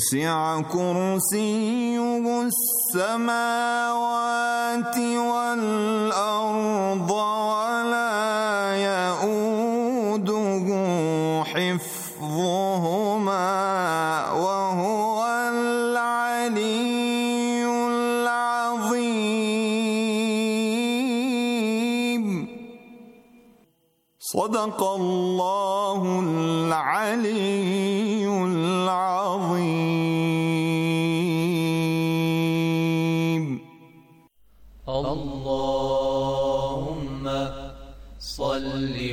وسع كرسيه السماوات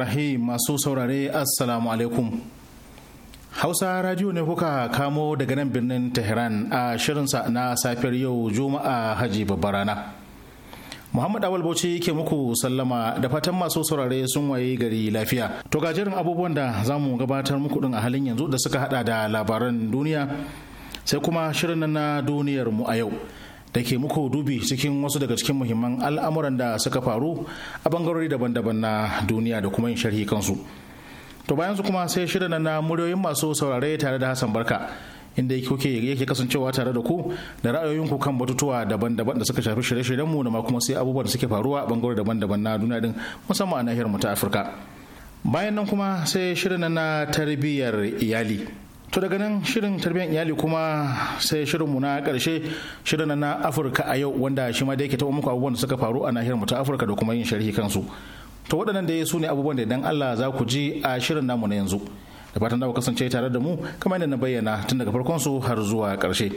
rahim masu saurare assalamu alaikum hausa radio ne kuka kamo daga nan birnin tehran a shirinsa na safiyar yau juma'a haji Babbarana. rana Muhammad Awal Bauchi ke muku sallama da fatan masu saurare sun waye gari lafiya. To gajerin abubuwan da za mu gabatar muku din a halin yanzu da suka hada da labaran duniya sai kuma shirin na duniyar mu a yau. da ke muku dubi cikin wasu daga cikin muhimman al'amuran da suka faru a bangarori daban-daban na duniya da kuma yin sharhi kansu. To bayan su kuma sai shirin na muryoyin masu saurare tare da Hassan Barka inda kuke yake kasancewa tare da ku da ra'ayoyinku kan batutuwa daban-daban da suka shafi shirye-shiryenmu da ma kuma sai abubuwan da suke faruwa a bangarori daban-daban na duniya din musamman a nahiyar mu ta Afirka. Bayan nan kuma sai shirin na tarbiyyar iyali. to daga nan shirin tarbiyyar iyali kuma sai shirinmu na karshe shirin na afirka a yau wanda shi ma da yake taɓa muku abubuwan da suka faru a nahiyar mu ta afirka da kuma yin sharhi kansu to waɗannan da su ne abubuwan da idan allah za ku ji a shirin namu na yanzu da fatan da kasance tare da mu kamar yadda na bayyana tun daga farkon su har zuwa ƙarshe.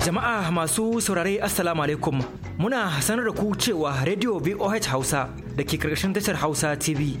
jama'a masu saurare assalamu alaikum muna sanar da ku cewa radio voh hausa da ke karkashin tashar hausa tv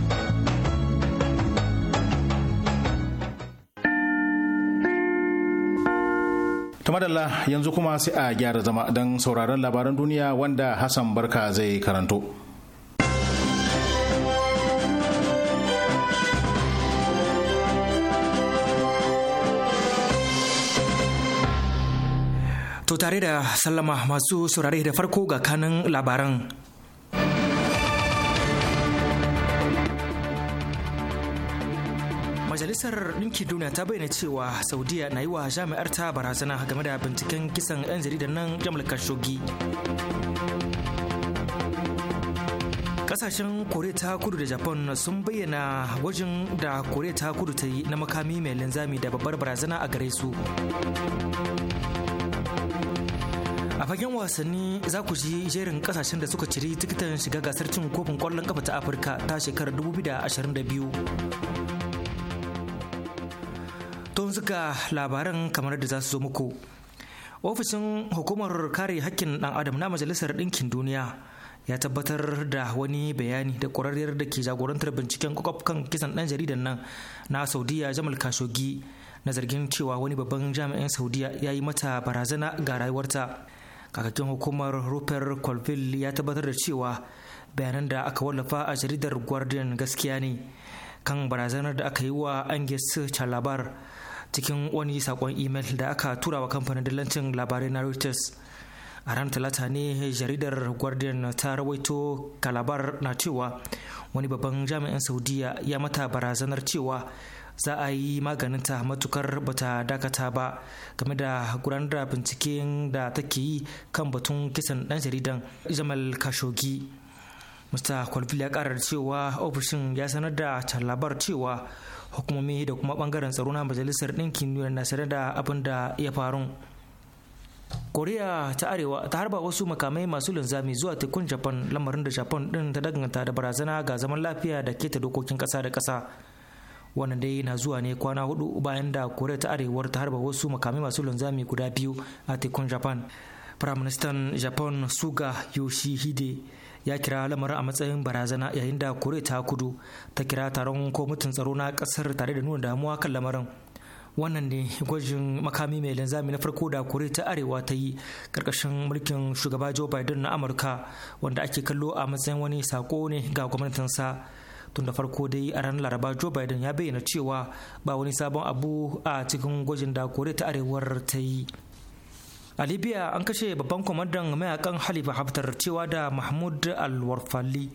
da madalla yanzu kuma sai a gyara zama don sauraron labaran duniya wanda Hassan Barka zai karanto. To tare da sallama masu saurare da farko ga kanin labaran majalisar ɗinkin duniya ta bayyana cewa saudiya na yi wa jami'ar ta barazana game da binciken kisan 'yan jaridar nan jamal khashoggi kasashen korea ta kudu da japan sun bayyana gwajin da korea ta kudu ta yi na makami mai linzami da babbar barazana a gare su a fagen wasanni za ku ji jerin kasashen da suka ciri tikitan shiga gasar cin kofin kwallon kafa ta afirka ta shekarar 2022 Tun suka labaran kamar da za su zo muku. Ofishin hukumar kare hakkin ɗan adam na Majalisar Ɗinkin Duniya ya tabbatar da wani bayani da ƙwararriyar da ke jagorantar binciken kan kisan ɗan jaridan nan na Saudiya Jamal Khashoggi na zargin cewa wani babban jami'in Saudiya ya yi mata barazana ga rayuwarta. Kakakin hukumar Rupert Colville ya tabbatar da cewa bayanan da aka wallafa a jaridar Guardian gaskiya ne. kan barazanar da aka yi wa angus chalabar cikin wani sakon imel da aka tura wa kamfanin dillancin labarai na reuters a ran talata ne jaridar guardian ta rawaito kalabar na cewa wani babban jami'in saudiya ya mata barazanar cewa za a yi maganinta matukar bata dakata ba game da gudanar da binciken da take yi kan batun kisan dan jaridan jamal khashoggi mr colville ya karar cewa ofishin ya sanar da labar cewa hukumomi da kuma bangaren tsaro na majalisar ɗinkin duniya na sanar da abin da ya faru koriya ta arewa ta harba wasu makamai masu linzami zuwa tekun japan lamarin da japan din ta danganta da barazana ga zaman lafiya da keta dokokin kasa da kasa wannan dai na zuwa ne kwana hudu bayan da koriya ta arewar ta harba wasu makamai masu linzami guda biyu a tekun japan firaministan japan suga yoshihide ya kira lamarin a matsayin barazana yayin da kore ta kudu ta kira taron kwamitin tsaro na kasar tare da nuna damuwa kan lamarin wannan ne gwajin makami mai linzami na farko da kore ta arewa ta yi karkashin mulkin shugaba joe biden na amurka wanda ake kallo a matsayin wani sako ne ga gwamnatinsa tun da farko dai a ranar laraba joe biden ya bayyana cewa ba wani sabon abu a cikin gwajin da kore ta arewar ta yi a libya an kashe babban kwamandan mayakan halifa haftar cewa da mahmud alwarfalli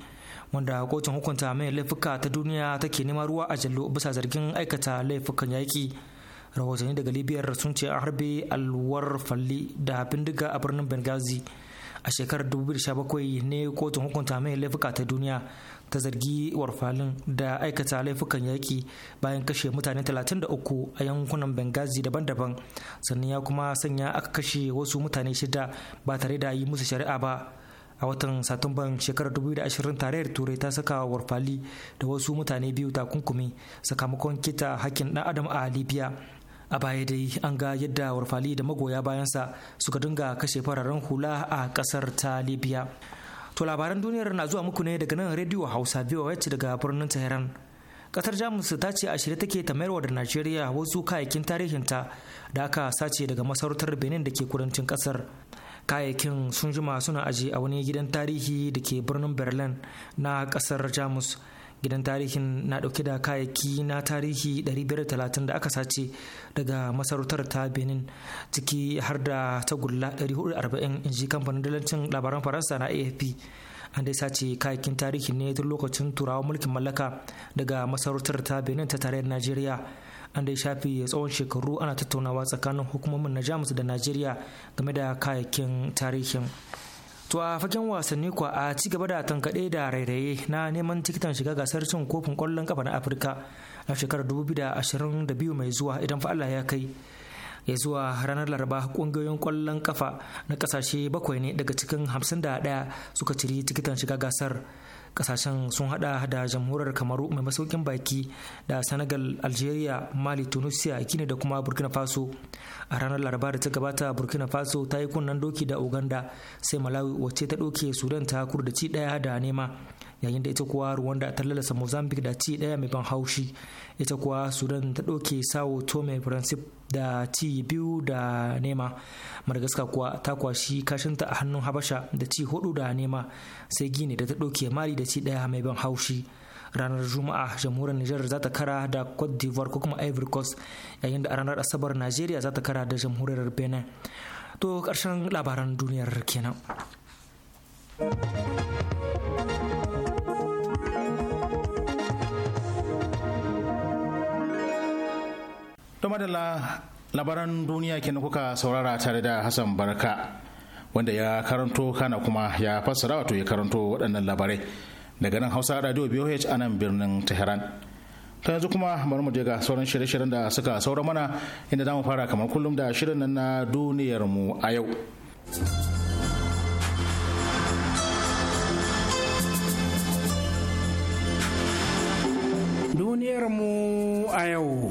wanda kotun hukunta mai laifuka ta duniya take neman ruwa a jallo bisa zargin aikata laifukan yaƙi rahotanni daga libyar sun ce an harbe alwarfali da bindiga a birnin benghazi a shekarar 2017 ne kotun hukunta mai laifuka ta duniya ta zargi warfalin da aikata laifukan yaƙi bayan kashe mutane 33 a yankunan bengazi daban-daban sannan ya kuma sanya aka kashe wasu mutane shida ba tare da yi musu shari'a ba a watan satumban shekarar 2020 tarayyar turai ta saka warfali da wasu mutane biyu takunkumi sakamakon kita hakkin ɗan adam a libya a baya dai an ga yadda warfali da magoya bayansa suka dinga kashe fararen hula a kasar ta libya To labaran duniyar na zuwa muku ne daga nan rediyo Hausa VOH daga birnin Tehran. Kasar Jamus ta ce a shirye take ta mayarwa da Najeriya wasu kayayyakin tarihinta da aka sace daga masarautar Benin da ke kudancin kasar. Kayayyakin sun jima suna aji a wani gidan tarihi da ke birnin Berlin na kasar Jamus. gidan tarihin na dauke da kayayyaki na tarihi 530 da aka sace daga masarautar ta benin ciki har da tagulla 440 inji kamfanin dalancin labaran faransa na afp an dai sace kayakin tarihi ne tun lokacin turawa mulkin mallaka daga masarautar ta benin ta tarayyar najeriya an dai shafi tsawon shekaru ana tattaunawa tsakanin hukumomin na jamus da najeriya game da kayakin tarihin To a fagen wasanni kuwa a ci gaba da tankaɗe da rairaye na neman tikitan shiga gasar cin kofin kwallon kafa na Afirka na shekarar 2022 mai zuwa idan fa Allah ya kai. ya zuwa ranar laraba ƙungiyoyin kwallon kafa na kasashe bakwai ne daga cikin 51 suka ciri tikitan shiga gasar kasashen sun hada da jamhuriyar kamaru mai masaukin baki da senegal algeria mali tunisia gini da kuma burkina faso a ranar laraba da ta gabata burkina faso ta yi kunnen doki da uganda sai malawi wacce ta doke sudan ta da ci daya da nema yayin da ita kuwa Rwanda ta lalasa Mozambique da ci daya mai ban haushi ita kuwa Sudan ta ɗauke Sao Tome Francis da ci biyu da nema Madagascar kuwa ta kwashi kashinta a hannun Habasha da ci hudu da nema sai Gini da ta ɗauke Mali da ci daya mai ban haushi ranar juma'a jamhuriyar Nijar za ta kara da cote d'ivoire ko kuma ivory coast yayin da ranar asabar nigeria za ta kara da jamhuriyar benin to karshen labaran duniyar kenan to madalla labaran duniya kenan kuka saurara tare da hassan barka wanda ya karanto kana kuma ya fassara wato ya karanto waɗannan labarai daga nan hausa radio boh a nan birnin tehran ta yanzu kuma bari mu je ga sauran shirye-shiryen da suka saura mana inda za mu fara kamar kullum da shirin nan na duniyar mu a yau duniyar mu a yau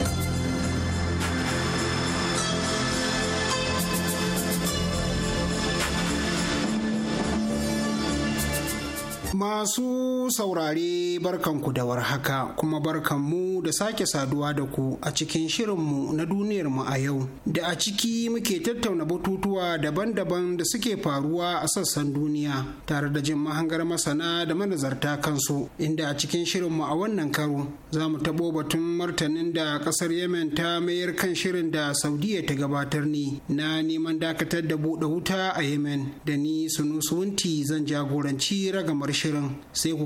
o masu saurare barkanku da warhaka kuma barkanmu da sake saduwa da ku a cikin shirinmu na duniyarmu a yau da a ciki muke tattauna batutuwa daban-daban da suke faruwa a sassan duniya tare da jin mahangar masana da manazarta kansu inda a cikin shirinmu a wannan karo za mu tabo batun martanin da kasar yemen ta mayar kan shirin da saudiya ta gabatar ne na neman dakatar da buɗe wuta a yemen da ni wunti zan jagoranci ragamar shirin sai ku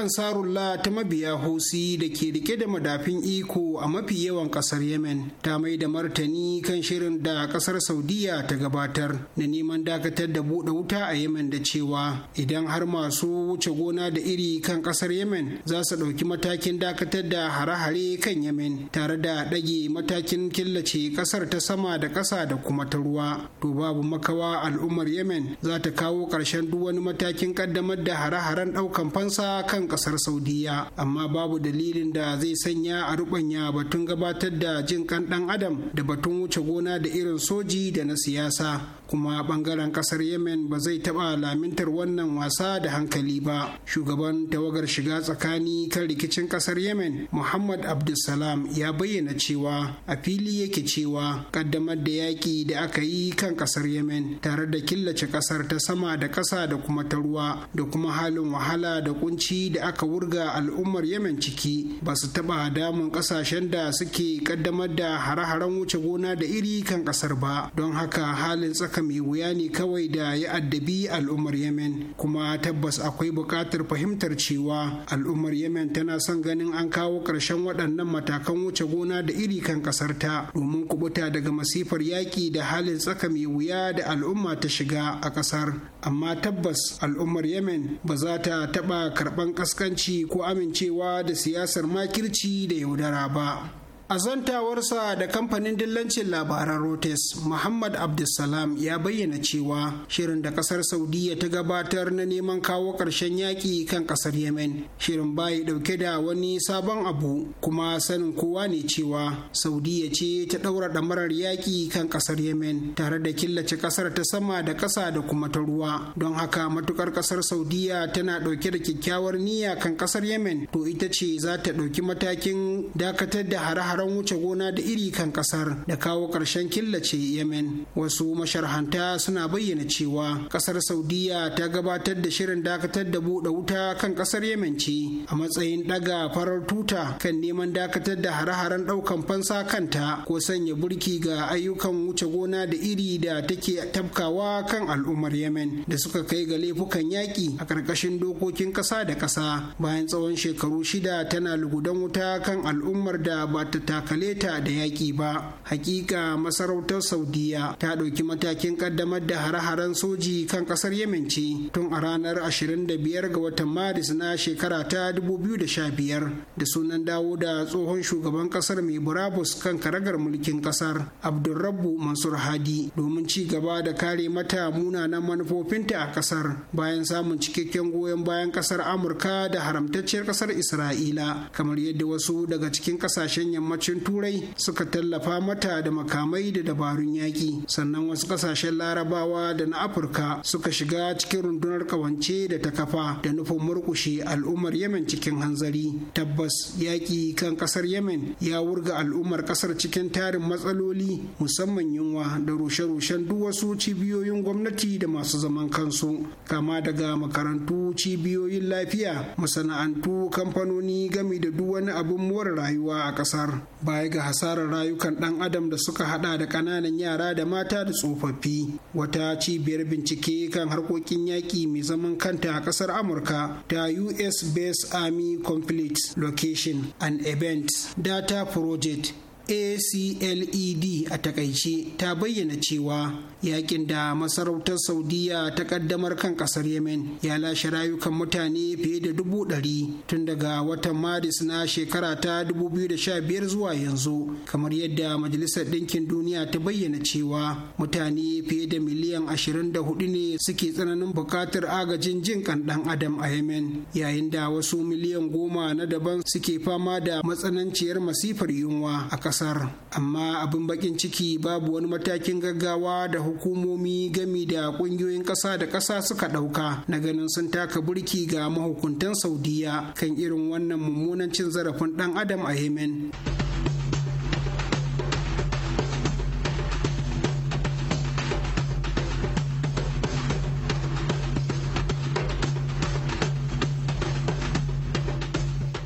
ansarullah ta mabiya hosi da ke rike da madafin iko a mafi yawan kasar yemen ta mai da martani kan shirin da kasar saudiya ta gabatar na neman dakatar da buɗe wuta a yemen da cewa idan har masu wuce gona da iri kan kasar yemen za su ɗauki matakin dakatar da hare-hare kan yemen tare da ɗage matakin killace kasar ta sama da ƙasa da kuma ta ruwa to babu makawa al'ummar yemen za ta kawo ƙarshen duk wani matakin ƙaddamar da hare-haren ɗaukan fansa kan kasar saudiya amma babu dalilin da zai sanya a rubanya batun gabatar da jin kan dan adam da batun wuce gona da irin soji da na siyasa kuma bangaren kasar yemen ba zai taba lamintar wannan wasa da hankali ba shugaban tawagar shiga tsakani kan rikicin kasar yemen muhammad abdulsalam ya bayyana cewa a fili yake cewa kaddamar da yaƙi da aka yi kan kasar yemen tare da killace kasar ta sama da ƙasa da kuma ta ruwa da kuma halin wahala da kunci da aka wurga al'ummar yemen ciki ba su taba damun kasashen da suke kaddamar da hare-haren wuce gona da iri kan kasar ba don haka halin tsaka tsaka mai wuya ne kawai da ya addabi al'ummar yemen kuma tabbas akwai buƙatar fahimtar cewa al'ummar yemen tana son ganin an kawo ƙarshen waɗannan matakan wuce gona da iri kan ƙasar ta domin kubuta daga masifar yaƙi da halin tsaka mai wuya da al'umma ta shiga a ƙasar amma tabbas al'ummar yemen ba za ta taɓa karɓan ƙasƙanci ko amincewa da siyasar makirci da yaudara ba A zantawarsa da kamfanin dillancin labaran Rotes, Muhammad Abdulsalam ya bayyana cewa shirin da kasar Saudiya ta gabatar na neman kawo ƙarshen yaƙi kan kasar Yemen, shirin bayi ɗauke da wani sabon abu kuma sanin kowa ne cewa Saudiya ce ta ɗaura ɗamarar yaƙi kan kasar Yemen tare da killace kasar ta sama da ƙasa da kuma ta ruwa. Don haka matukar kasar Saudiya tana ɗauke da kyakkyawar niyya kan kasar Yemen to ita ce za ta ɗauki matakin dakatar da hare-hare hare wuce gona da iri kan ƙasar da kawo ƙarshen killace yemen wasu masharhanta suna bayyana cewa ƙasar saudiya ta gabatar da shirin dakatar da buɗe wuta kan ƙasar yemen ce a matsayin ɗaga farar tuta kan neman dakatar da hare-haren ɗaukan fansa kanta ko sanya burki ga ayyukan wuce gona da iri da take tabkawa kan al'ummar yemen da suka kai ga laifukan yaƙi a ƙarƙashin dokokin ƙasa da ƙasa bayan tsawon shekaru shida tana lugudan wuta kan al'ummar da ba ta dakale ta da yaƙi ba hakika masarautar saudiya ta ɗauki matakin ƙaddamar da hare-haren soji kan ƙasar yemen ce tun a ranar 25 ga watan maris na shekara ta 2015 da sunan dawo da tsohon shugaban ƙasar mai burabus kan karagar mulkin ƙasar abdulrabu mansur hadi domin ci gaba da kare mata munanan manufofinta a ƙasar bayan samun cikakken goyon bayan ƙasar amurka da haramtacciyar ƙasar isra'ila kamar yadda wasu daga cikin ƙasashen yammacin yammacin turai suka tallafa mata da makamai da dabarun yaƙi sannan wasu ƙasashen larabawa da na afirka suka shiga cikin rundunar ƙawance da ta kafa da nufin murƙushe al'ummar yemen cikin hanzari tabbas yaƙi kan ƙasar yemen ya wurga al'ummar ƙasar cikin tarin matsaloli musamman yunwa da rushe-rushen duk wasu cibiyoyin gwamnati da masu zaman kansu kama daga makarantu cibiyoyin lafiya masana'antu kamfanoni gami da duk wani abin more rayuwa a ƙasar. baya ga hasarar rayukan ɗan adam da suka hada da ƙananan yara da mata da tsofaffi wata cibiyar bincike kan harkokin yaƙi mai zaman kanta a ƙasar amurka ta us based army Complete location and events data project acled a takaice ta bayyana cewa yakin da masarautar saudiya ta kaddamar kan kasar yemen ya lashe rayukan mutane fiye da dubu ɗari tun daga watan maris na shekara ta 2015 zuwa yanzu kamar yadda majalisar ɗinkin duniya ta bayyana cewa mutane fiye da miliyan ashirin da hudu ne suke tsananin buƙatar agajin jin kan ɗan adam a yemen yayin da wasu miliyan goma na daban suke fama da matsananciyar masifar yunwa a ƙasar kasar amma abin bakin ciki babu wani matakin gaggawa da hukumomi gami da kungiyoyin kasa da kasa suka dauka na ganin sun taka burki ga mahukuntan saudiya kan irin wannan mummunan cin zarafin dan adam a yemen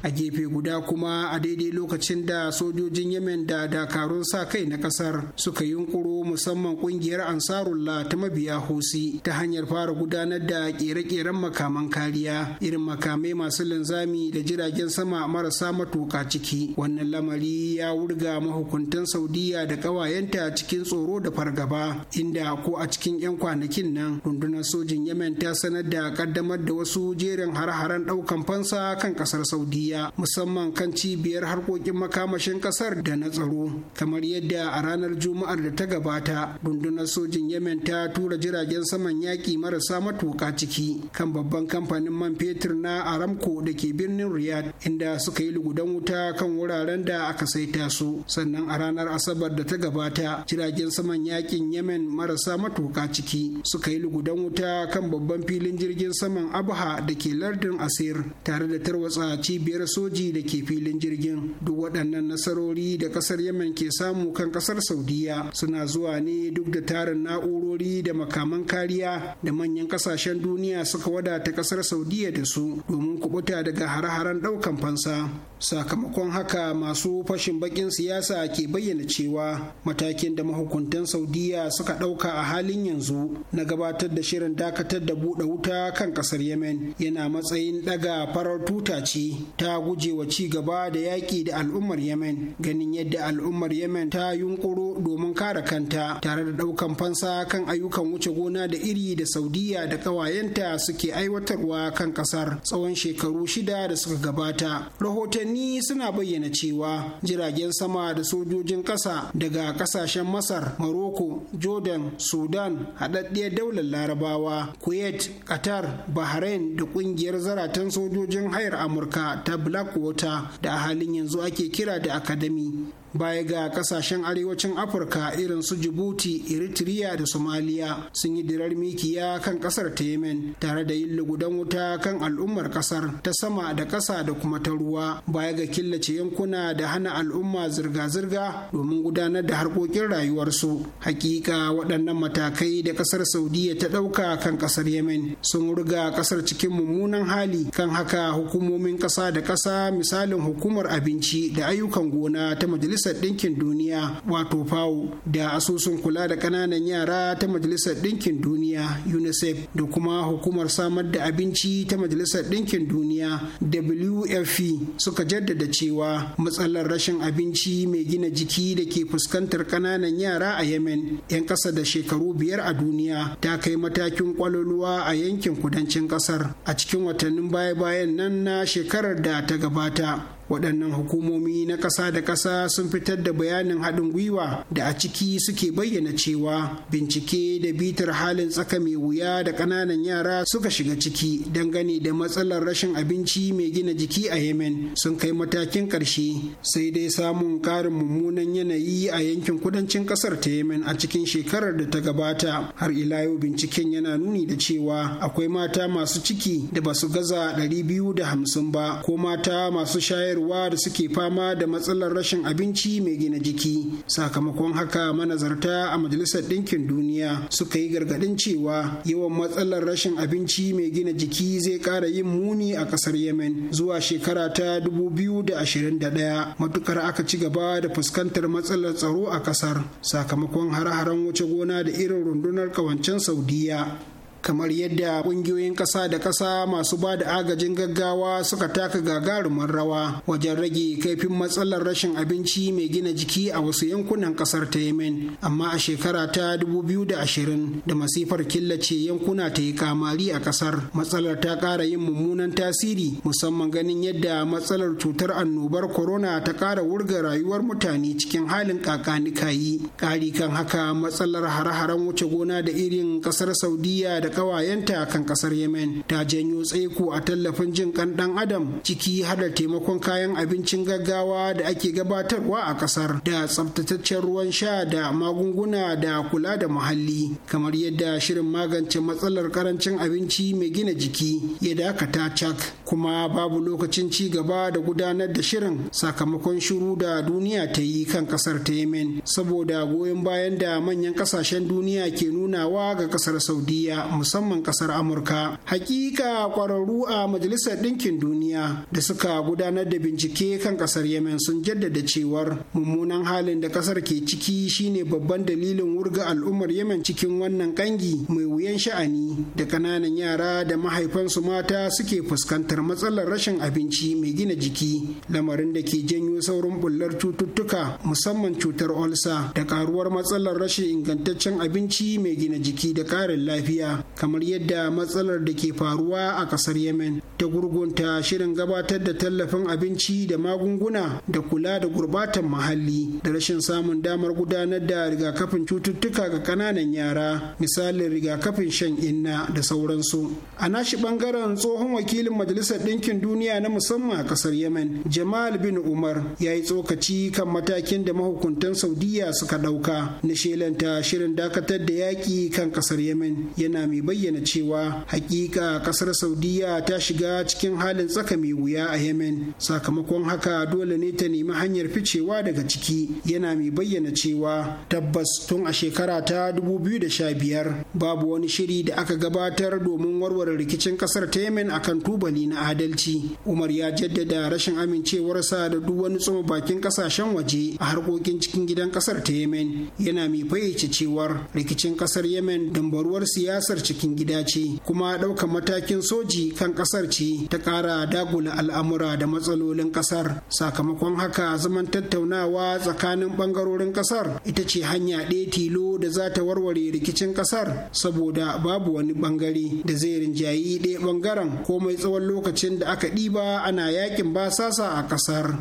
a gefe guda kuma a daidai lokacin da sojojin yemen da dakarun sa kai na kasar suka yunkuro musamman kungiyar ansarullah ta mabiya hosi ta hanyar fara gudanar da kere-keren makaman kariya irin makamai masu linzami da jiragen sama marasa matuka ciki wannan lamari ya wurga mahukuntan saudiya da ƙawayenta cikin tsoro da fargaba inda ko a cikin 'yan kwanakin nan rundunar sojin yemen ta sanar da kaddamar da wasu jerin har-haren ɗaukan fansa kan ƙasar saudiya musamman kan cibiyar harkokin makamashin kasar da na tsaro kamar yadda a ranar juma'ar da ta gabata rundunar sojin yemen ta tura jiragen saman yaƙi marasa matuƙa ciki kan babban kamfanin man fetur na aramco da ke birnin riyad inda suka yi lugudan wuta kan wuraren da aka saita su sannan a ranar asabar da ta gabata jiragen saman yaƙin yemen marasa matuƙa ciki suka yi lugudan wuta kan babban filin jirgin saman abha da ke lardin asir tare da tarwatsa cibiyar da soji da ke filin jirgin duk waɗannan nasarori da ƙasar yemen ke samu kan ƙasar saudiya suna zuwa ne duk da tarin na'urori da makaman kariya da manyan ƙasashen duniya suka wadata ƙasar saudiya da su domin kubuta daga hare-haren ɗaukan fansa sakamakon haka masu fashin bakin siyasa ke bayyana cewa matakin da mahukuntan saudiya suka ɗauka a halin yanzu na gabatar da shirin dakatar da buɗe wuta kan ƙasar yemen yana matsayin ɗaga farar tuta ce ta guje wa ci gaba da yaƙi da al'ummar yemen ganin yadda al'ummar yemen ta yunkuro domin kare kanta tare da ɗaukan fansa kan ayyukan wuce gona da iri da saudiya da ƙawayenta suke aiwatarwa kan ƙasar tsawon shekaru shida da suka gabata rahotanni suna bayyana cewa jiragen sama da sojojin ƙasa daga ƙasashen masar maroko jordan sudan haɗaɗɗiyar daular larabawa kuwait qatar bahrain da ƙungiyar zaratan sojojin hayar amurka ta blackwater da a halin yanzu ake kira da academy baya ga kasashen arewacin afirka irin su jibuti eritrea da somaliya sun yi dirar mikiya kan kasar ta yemen tare da yin lugudan wuta kan al'ummar kasar ta sama da kasa da kuma ta ruwa baya ga killace yankuna da hana al'umma zirga-zirga domin gudanar da harkokin rayuwarsu hakika waɗannan matakai da kasar saudiya ta ɗauka kan kasar yemen sun ruga kasar cikin mummunan hali kan haka hukumomin ƙasa da ƙasa misalin hukumar abinci da ayyukan gona ta majalisar majalisar ɗinkin duniya wato fao da asusun kula da ƙananan yara ta majalisar ɗinkin duniya unicef da kuma hukumar samar da abinci ta majalisar ɗinkin duniya wfp suka jaddada cewa matsalar rashin abinci mai gina jiki da ke fuskantar ƙananan yara a yemen 'yan ƙasa da shekaru biyar a duniya ta kai matakin kwaloluwa a yankin kudancin ƙasar a cikin watannin baya-bayan nan na shekarar da ta gabata waɗannan hukumomi na ƙasa da ƙasa sun fitar da bayanin haɗin gwiwa da a ciki suke bayyana cewa bincike da bitar halin tsaka mai wuya da ƙananan yara suka shiga ciki dangane da matsalar rashin abinci mai gina jiki a yemen sun kai matakin ƙarshe sai dai samun ƙarin mummunan yanayi a yankin kudancin ƙasar ta yemen a cikin shekarar da ta gabata har ila yau binciken yana nuni da cewa akwai mata masu ciki da ba su gaza 250 ba ko mata masu shayarwa rayuwa da suke fama da matsalar rashin abinci mai gina jiki sakamakon haka manazarta a majalisar ɗinkin duniya suka yi gargaɗin cewa yawan matsalar rashin abinci mai gina jiki zai ƙara yin muni a ƙasar yemen zuwa shekara ta dubu biyu da da ashirin 2021 matukar aka ci gaba da fuskantar matsalar tsaro a ƙasar sakamakon hare-haren wuce gona da irin rundunar ƙawancen saudiya kamar yadda kungiyoyin ƙasa da ƙasa masu ba da agajin gaggawa suka taka gagarumin rawa wajen rage kaifin matsalar rashin abinci mai gina jiki a wasu yankunan ƙasar ta yemen amma a shekara ta 2020 da masifar killace yankuna ta yi kamari a ƙasar matsalar ta ƙara yin mummunan tasiri musamman ganin yadda matsalar cutar annobar corona ta ƙara wurga rayuwar mutane cikin halin kakanikayi ƙari kan haka matsalar hare-haren wuce gona da irin ƙasar saudiya da ƙawayenta kan ƙasar yemen ta janyo tsaiko a tallafin jin kan ɗan adam ciki har da taimakon kayan abincin gaggawa da ake gabatarwa a ƙasar da tsabtataccen ruwan sha da magunguna da kula da muhalli kamar yadda shirin magance matsalar ƙarancin abinci mai gina jiki ya dakata cak kuma babu lokacin ci gaba da gudanar da shirin sakamakon shiru da duniya ta yi kan ƙasar ta yemen saboda goyon bayan da manyan ƙasashen duniya ke nunawa ga ƙasar saudiya musamman kasar amurka hakika kwararru a majalisar ɗinkin duniya da suka gudanar da bincike kan kasar yemen sun jaddada cewar mummunan halin da kasar ke ciki shine babban dalilin wurga al'ummar yemen cikin wannan kangi mai wuyan sha'ani da ƙananan yara da mahaifansu mata suke fuskantar matsalar rashin abinci mai gina jiki lamarin da ke janyo saurin bullar cututtuka musamman cutar olsa da karuwar matsalar rashin ingantaccen abinci mai gina jiki da karin lafiya kamar yadda matsalar da ke faruwa a kasar yemen ta gurgunta shirin gabatar da tallafin abinci da magunguna da kula da gurbatan muhalli da rashin samun damar gudanar da rigakafin cututtuka ga kananan yara misalin rigakafin shan inna da sauransu a nashi bangaren tsohon wakilin majalisar ɗinkin duniya na musamman a kasar yemen jamal bin umar ya yi tsokaci kan matakin da mahukuntan saudiya suka ɗauka na shelanta shirin dakatar da yaƙi kan kasar yemen yana mai bayyana cewa hakika kasar saudiya ta shiga cikin halin tsaka mai wuya a yemen sakamakon haka dole ne ta nemi hanyar ficewa daga ciki yana mai bayyana cewa tabbas tun a shekara ta 2015 babu wani shiri da aka gabatar domin warware rikicin kasar ta yemen kan tubali na adalci umar ya jaddada rashin amincewarsa da duk wani tsoma bakin kasashen waje a harkokin cikin gidan kasar ta yemen yana mai fayyace cewar rikicin kasar yemen dambaruwar siyasar cikin gida ce kuma ɗaukar matakin soji kan ƙasar ce ta ƙara dagula al'amura da matsalolin ƙasar sakamakon haka zaman tattaunawa tsakanin ɓangarorin ƙasar ita ce hanya ɗaya tilo da za ta warware rikicin ƙasar saboda babu wani ɓangare da zai rinjayi ɗaya ɓangaren komai tsawon lokacin da aka ɗiba ana yakin basasa a ƙasar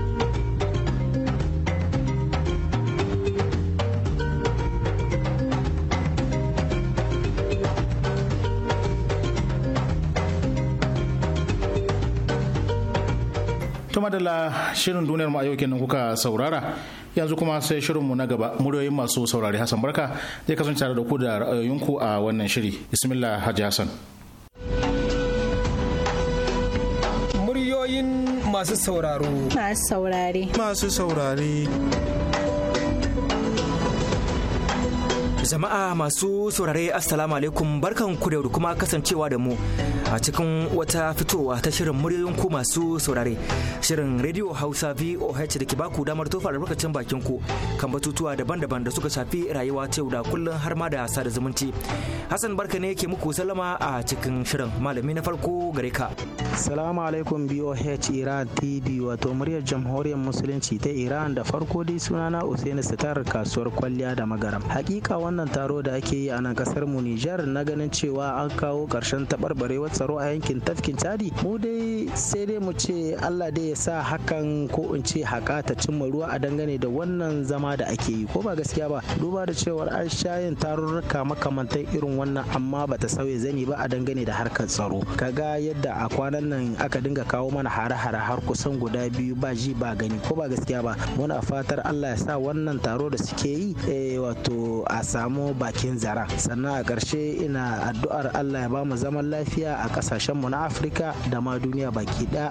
to madalla shirin duniyar mu a yau kenan kuka saurara yanzu kuma sai shirin mu na gaba muryoyin masu saurare Hassan Barka zai kasance tare da ku da ra'ayoyinku a wannan shiri bismillah Haji Hassan muryoyin masu sauraro masu saurare masu saurare Jama'a masu saurare Assalamu alaikum barkan ku da kuma kasancewa da mu a cikin wata fitowa ta shirin muryoyin ku masu saurare. Shirin Radio Hausa VOH da ke baku damar tofa albarkacin bakin ku kan batutuwa daban-daban da suka shafi rayuwa ta da kullum har ma da sada zumunci. Hassan barka ne ke muku sallama a cikin shirin malami na farko gare ka. Assalamu alaikum VOH Iran TV wato muryar jamhuriyar musulunci ta Iran da farko dai sunana Usaini Sitar kasuwar kwalliya da magaram. Hakika wannan wannan taro da ake yi a nan kasar mu Nijar na ganin cewa an kawo karshen taɓarɓarewar tsaro a yankin tafkin Chadi mu dai sai dai mu ce Allah dai ya sa hakan ko in ce haƙa ta cimma ruwa a dangane da wannan zama da ake yi ko ba gaskiya ba duba da cewar an sha yin tarurruka makamantan irin wannan amma ba ta sauya zani ba a dangane da harkar tsaro kaga yadda a kwanan nan aka dinga kawo mana hare-hare har kusan guda biyu ba ji ba gani ko ba gaskiya ba muna fatar Allah ya sa wannan taro da suke yi eh, wato a samu bakin zara sannan a ƙarshe ina addu'ar allah ya ba mu zaman lafiya a ƙasashenmu na afirka da ma duniya baki ɗaya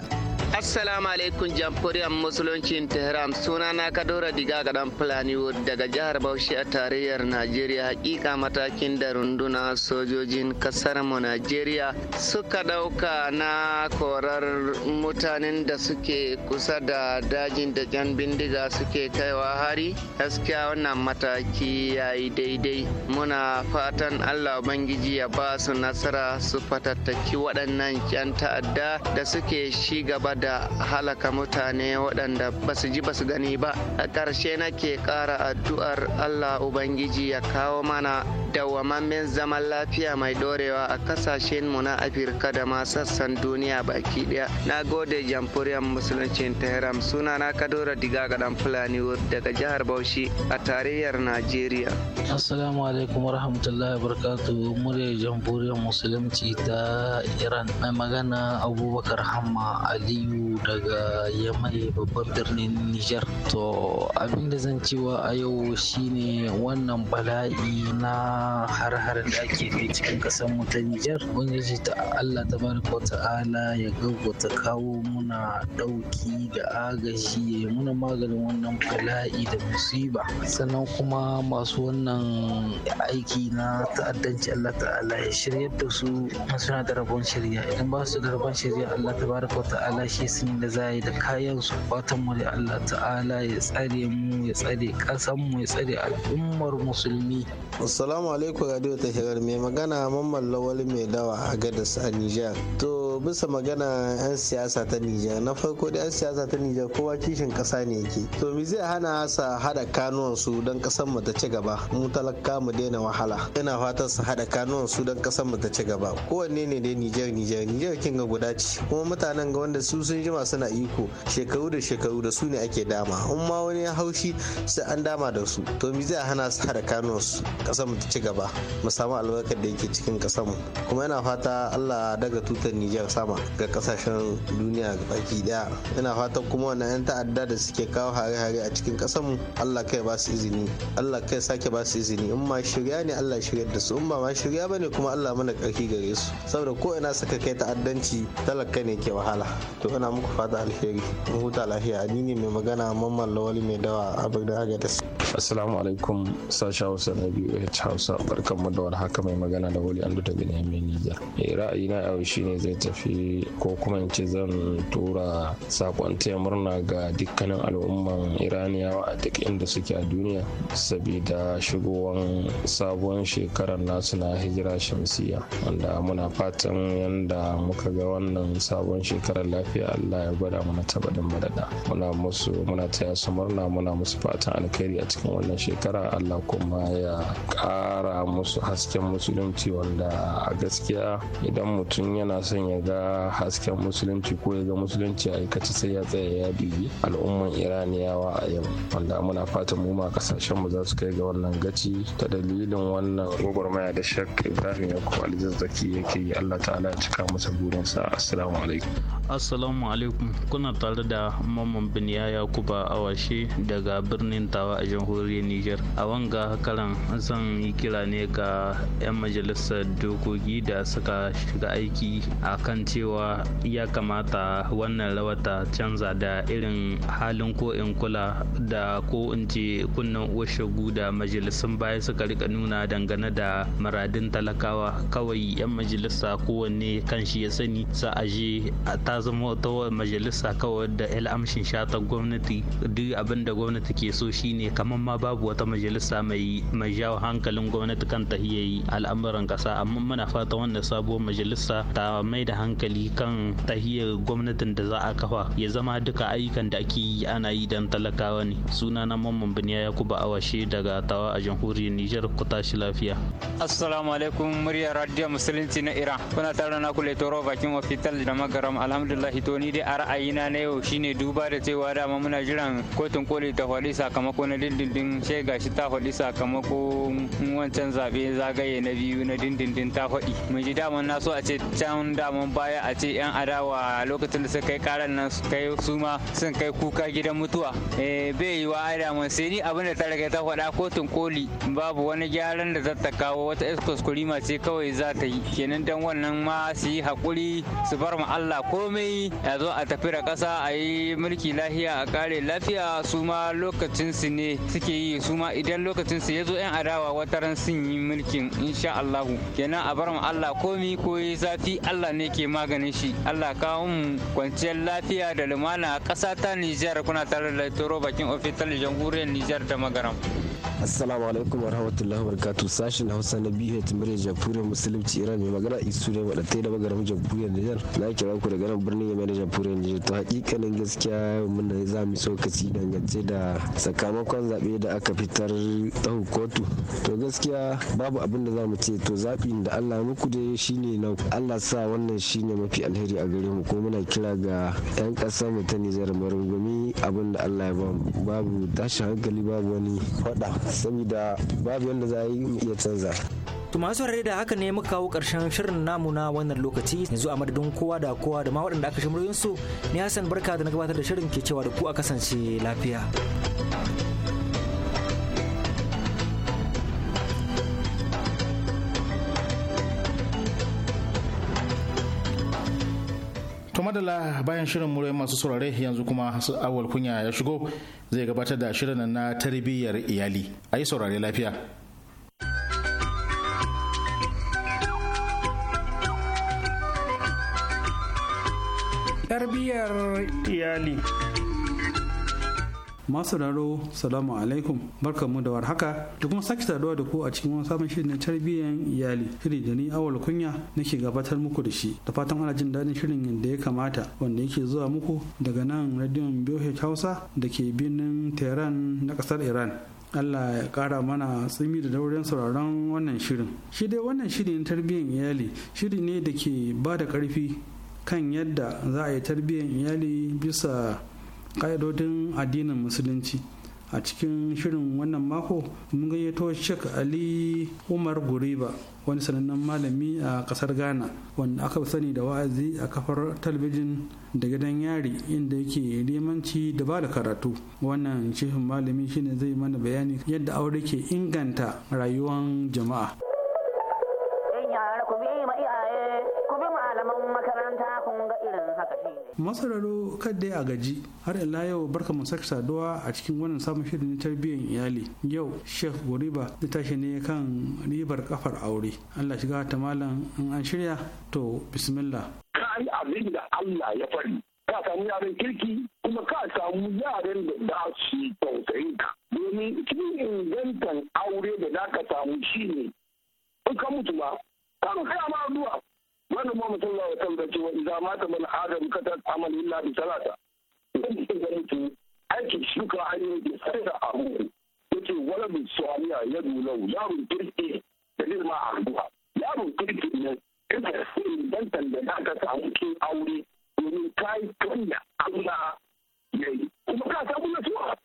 assalamu alaikum jamhuriyar musuluncin tehran suna na kadora diga gadan fulani daga jihar bauchi a tarayyar najeriya hakika matakin da runduna sojojin kasar mu najeriya suka dauka na korar mutanen da suke kusa da dajin da jan bindiga suke kaiwa hari gaskiya wannan mataki ya yi daidai dai muna fatan allah ubangiji ya ba su nasara su fatattaki waɗannan 'yan ta'adda da suke shi gaba da halaka mutane waɗanda ba su ji ba su gani ba a ƙarshe nake ƙara addu'ar allah ubangiji ya kawo mana dawwamammen zaman lafiya mai dorewa a kasashen mu na afirka da ma sassan duniya baki daya na gode jamhuriyar musuluncin tehran suna na kadora diga ga dan fulani daga jihar bauchi a tarayyar najeriya assalamu alaikum warahmatullahi wabarakatuh murya jamhuriyar musulunci ta iran mai magana abubakar hamma aliyu daga yamai babban birnin niger to abin da zan cewa a yau shine wannan bala'i na har-harin da ake kai cikin ƙasar mu ta Nijar. Ubangiji ta Allah ta baraka wa ta'ala ya gaggauta kawo muna ɗauki da agaji ya muna maganin wannan bala'i da musiba. Sannan kuma masu wannan aiki na ta'addanci Allah ta'ala ya shiryar da su suna da rabon shirya idan ba su da rabon shirya Allah ta baraka wa ta'ala shi sun da za yi da kayan su fatan mu da Allah ta'ala ya tsare mu ya tsare ƙasar mu ya tsare al'ummar musulmi. Assalamu alaikum radio ta hirar mai magana mamman lawali mai dawa a gadas a Nijar. To bisa magana 'yan siyasa ta Nijar na farko da 'yan siyasa ta Nijar kowa kishin kasa ne yake to me zai hana sa hada kanuwan su don kasan mu ta ci gaba mu talaka mu daina wahala ina fatan su hada kanuwan su don kasan mu ta ci gaba kowanne ne dai Nijar Nijar Nijar kin ga guda ci kuma mutanen ga wanda su sun jima suna iko shekaru da shekaru da su ne ake dama in ma wani ya haushi sai an dama da su to me zai hana su hada kanuwan su kasan mu ta ci gaba mu samu albarkar da yake cikin kasar mu kuma ina fata Allah daga tutar Nijar sama ga kasashen duniya baki daya ina fatan kuma wannan yan ta'adda da suke kawo hare-hare a cikin kasan mu Allah kai ba su izini Allah kai sake ba su izini in ma shirya ne Allah shirya da su in ba ma shirya bane kuma Allah mana karfi gare su saboda ko ina suka kai ta'addanci talaka ne ke wahala to ina muku fata alheri mu huta lafiya ni mai magana mamman lawali mai dawa a birnin agadis. Assalamu alaikum sasha Hausa na biyu BOH eh, Hausa barkanmu da wani haka mai magana da holi an da gani mai Nijar. Eh, ra'ayina yau ne zai tafi ko kuma in ce zan tura sakon taya murna ga dukkanin al'umman Iraniyawa a duk inda suke a duniya sabida shigowan sabuwar shekarar nasu na hijira shamsiya wanda muna fatan yanda muka ga wannan sabon shekarar lafiya Allah ya gwada mana tabadin madada muna musu muna taya su murna muna musu fatan alkhairi a cikin cikin wannan shekara allah kuma ya kara musu hasken musulunci wanda a gaskiya idan mutum yana son ya ga hasken musulunci ko ya ga musulunci a aikace sai ya tsaya ya bibi al'umman iraniyawa a yau wanda muna fatan mu ma kasashen mu za su kai ga wannan gaci ta dalilin wannan gwagwarmaya da shak ibrahim ya yakubu alzazzaki yake yi allah ta'ala ya cika masa burinsa assalamu alaikum assalamu alaikum kuna tare da mamman biniya yakuba awashe daga birnin tawa a jamhuriyar jamhuriyar niger a wanga kalan zan yi kira ne ga 'yan majalisar dokoki da suka shiga aiki a kan cewa ya kamata wannan rawa ta canza da irin halin ko in kula da ko in ce kunnan shagu da majalisun baya suka rika nuna dangane da maradin talakawa kawai 'yan majalisa kowanne kan shi ya sani sa je ta zama ta majalisa kawai da il'amshin shata gwamnati duk abin da gwamnati ke so shine kamar ma babu wata majalisa mai mai jawo hankalin gwamnati kan ta yi al'amuran kasa amma muna fata wannan sabuwar majalisa ta mai da hankali kan ta tahiyar gwamnatin da za a kafa ya zama duka ayyukan da ake yi ana yi don talakawa ne suna na mamman biniya ya kuba awashe daga tawa a jamhuriyar nijar ku tashi lafiya assalamu alaikum murya radio musulunci na iran kuna tare na kule toro bakin wafital da magaram alhamdulillah to ni dai a ra'ayina na yau shine duba da cewa dama muna jiran kotun koli ta faɗi sakamako na dindin dindindin sai shi ta faɗi sakamakon wancan zaɓe zagaye na biyu na dindindin ta faɗi mun ji daman na so a ce can daman baya a ce yan adawa lokacin da suka kai karan nan su kai su ma sun kai kuka gidan mutuwa eh, bai wa ai daman sai ni abin da ta rage ta faɗa kotun koli babu wani gyaran da za ta kawo wata eskuskurima ce kawai za ta yi kenan dan wannan ma su yi haƙuri su bar ma Allah komai ya zo a tafi da ƙasa a yi mulki lafiya a kare lafiya su ma lokacin su ne su suke yi su ma idan lokacin su ya zo yan adawa ran sun yi mulkin insha Allahu kenan a bar mu Allah komi ko yi zafi Allah ne ke maganin shi Allah kawo mu kwanciyar lafiya da lumana a ƙasa ta Nijar kuna tare da Toro bakin ofital jamhuriyar Nijar da Magaram. Assalamu alaikum warahmatullahi wabarakatuh sashen Hausa na BH Murya Jafuriyar Musulunci Iran mai magana isu ne maɗatai da magaram Jafuriyar Nijar na kira ku da ganin birnin Yamai da Jafuriyar Nijar ta hakikanin gaskiya mun da za mu so kasi dangance da sakamakon zaɓe zaɓe da aka fitar ɗau kotu to gaskiya babu abin da za mu ce to zaɓin da allah muku dai ne na allah sa wannan shi ne mafi alheri a gare mu ko muna kira ga 'yan ƙasa mu ta nijar marungumi abin da allah ya bamu babu tashin hankali babu wani faɗa saboda babu yadda za a yi mu iya canza To masu rarrai da haka ne muka kawo karshen shirin namu na wannan lokaci yanzu a madadin kowa da kowa da ma waɗanda aka shimriyin su ne Hassan barka da na gabatar da shirin ke cewa da ku a kasance lafiya. madala bayan shirin murai masu saurare yanzu kuma awal kunya ya shigo zai gabatar da shirin na tarbiyyar iyali a yi saurare lafiya tarbiyyar iyali masu raro salamu alaikum barkanmu da warhaka da kuma sake saduwa da ku a cikin wani sabon shirin tarbiyyar iyali shiri da ni awal kunya nake gabatar muku da shi da fatan ana jin daɗin shirin yadda ya kamata wanda yake zuwa muku daga nan radiyon BOH Hausa da ke birnin Tehran na ƙasar Iran Allah ya ƙara mana tsimi da daurin sauraron wannan shirin. Shi dai wannan shiri na tarbiyyar iyali shiri ne da ke ba da ƙarfi kan yadda za a yi tarbiyyar iyali bisa ƙa'idodin addinin musulunci a cikin shirin wannan mako mun gayyato shek ali umar guriba wani sanannen malami a kasar ghana wanda aka sani da wa'azi a kafar talabijin da gidan yari inda yake limanci da ba da karatu wannan shehin malami shine zai mana bayani yadda aure ke inganta rayuwar jama'a masararo kadai a gaji har ila yau barka mu sake saduwa a cikin wannan samun shirin tarbiyyar iyali yau sheikh goriba ta tashi ne kan ribar kafar aure allah shiga ta malam in an shirya to bismillah ka yi abin da allah ya fari ka samu yaren kirki kuma ka samu yaren da za su tausayi ka domin cikin ingantan aure da za samu shi ne in ka mutu ba ka kai ma addu'a wani ma mutum za a zaki cewa idan mata mana adam kata amal illa bi talata idan aiki shuka hanyoyi da sai da abu yake wala bi suwaniya ya nuna yaron kirki da zai ma addu'a yaron kirki ne kika sai dantan da za ka samu ke aure domin ka yi kanya Allah ya yi kuma ka samu nasuwa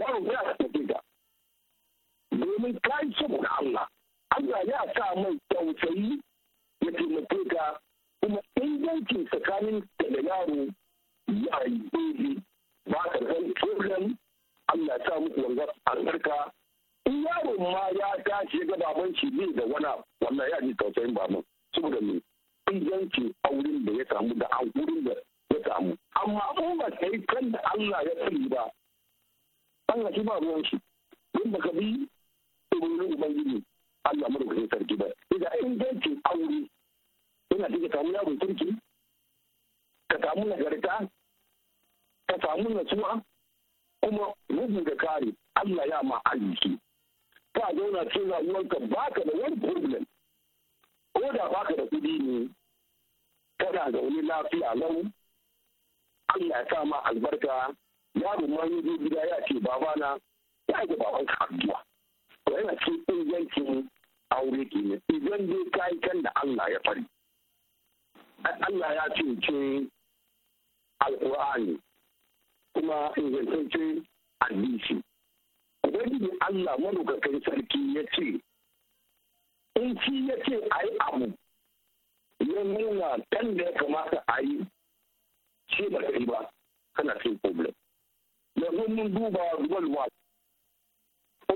yaron ya ta ka domin ka yi saboda Allah Allah ya sa mai tausayi na taimake ka kuma inganci tsakanin da yaro ya yi daidai ba ka san tsohon Allah ta muku wanzar albarka in yaro ma ya tashi ga baban shi ne da wana wannan ya ji tausayin baban saboda me inganci wurin da ya samu da a wurin da ya samu amma in ba yi kan da Allah ya sani ba Allah shi ba ruwan shi don baka bi umarnin ubangiji Allah mu madaukakin sarki ba ida ingancin aure yana da ka samu yaron kirki ka samu nagarta ka samu natsuwa kuma bugu da kare Allah ya ma arziki ka zauna cikin ka baka da wani problem ko da baka da kudi ne kana zaune lafiya lau Allah ya sa ma albarka yaro ma yi gida ya ce babana ya ga babanka addu'a to yana cikin ingancin aure kenan idan dai ka yi kan da Allah ya fari Allah ya ce ce alƙur'ani kuma ingantacce hadisi ubangiji Allah madaukakin sarki ya ce in shi ya ce a yi abu ya nuna kan da ya kamata a yi shi ba ka yi ba kana cin problem yanzu mun duba world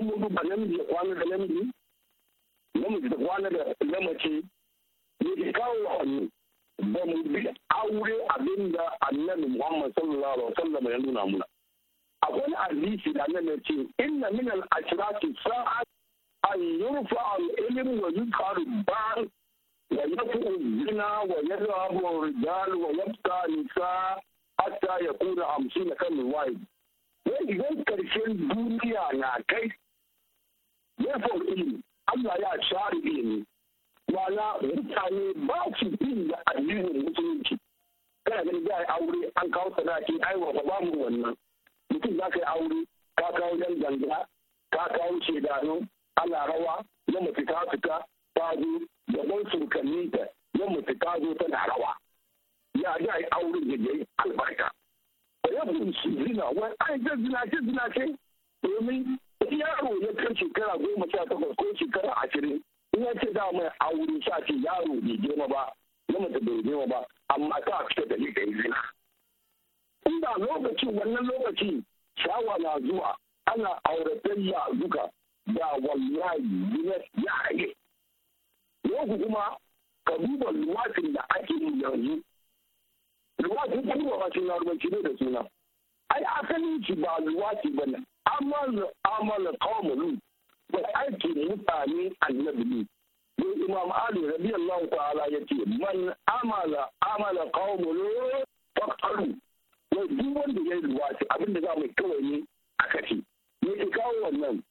in ba namiji ya kwana da namiji namiji da kwana da lamace mace yake kawo wannan ba mu bi aure abin da annabi Muhammad sallallahu alaihi wasallam ya nuna muna akwai hadisi da annabi ya ce inna min al ashrati sa'at an yurfa al ilm wa yuzkar ba'd wa yafu zina wa yadhabu rijal wa yabqa nisa hatta yakuna 50 kan wahid wai idan karshen duniya na kai yafon ilimi Allah ya share ilimi wala mutane ba su bin da addinin musulunci kana ganin za a yi aure an kawo sadaki aiwa ba mu wannan mutum za ka yi aure ka kawo yan ganga ka kawo shedanu ana rawa na mace ta fita ta zo gaban surkanninta na mace ta zo tana rawa ya da yi aure da ya yi albarka. Ba ya bu zina wani ai zina ce zina ce domin yaro ya kan shekara goma sha takwas ko shekara ashirin in ya ce dama a wuri sa ce yaro bai girma ba na mace bai girma ba amma ta fita da ni zina. In inda lokacin wannan lokaci shawa na zuwa ana ya duka da wallahi yinas ya haye yau kuma ka duba luwatin da ake yi yanzu luwatin kuma ba shi na ne da suna ai asalin shi ba luwati ba ne amal amala qawmun da aikin mutane annabi ne ne imam ali radiyallahu ta'ala yace man amala amala qawmun faqalu wa duk wanda ya yi wasu abin da za mu kawai ne a kashi ne ke kawo wannan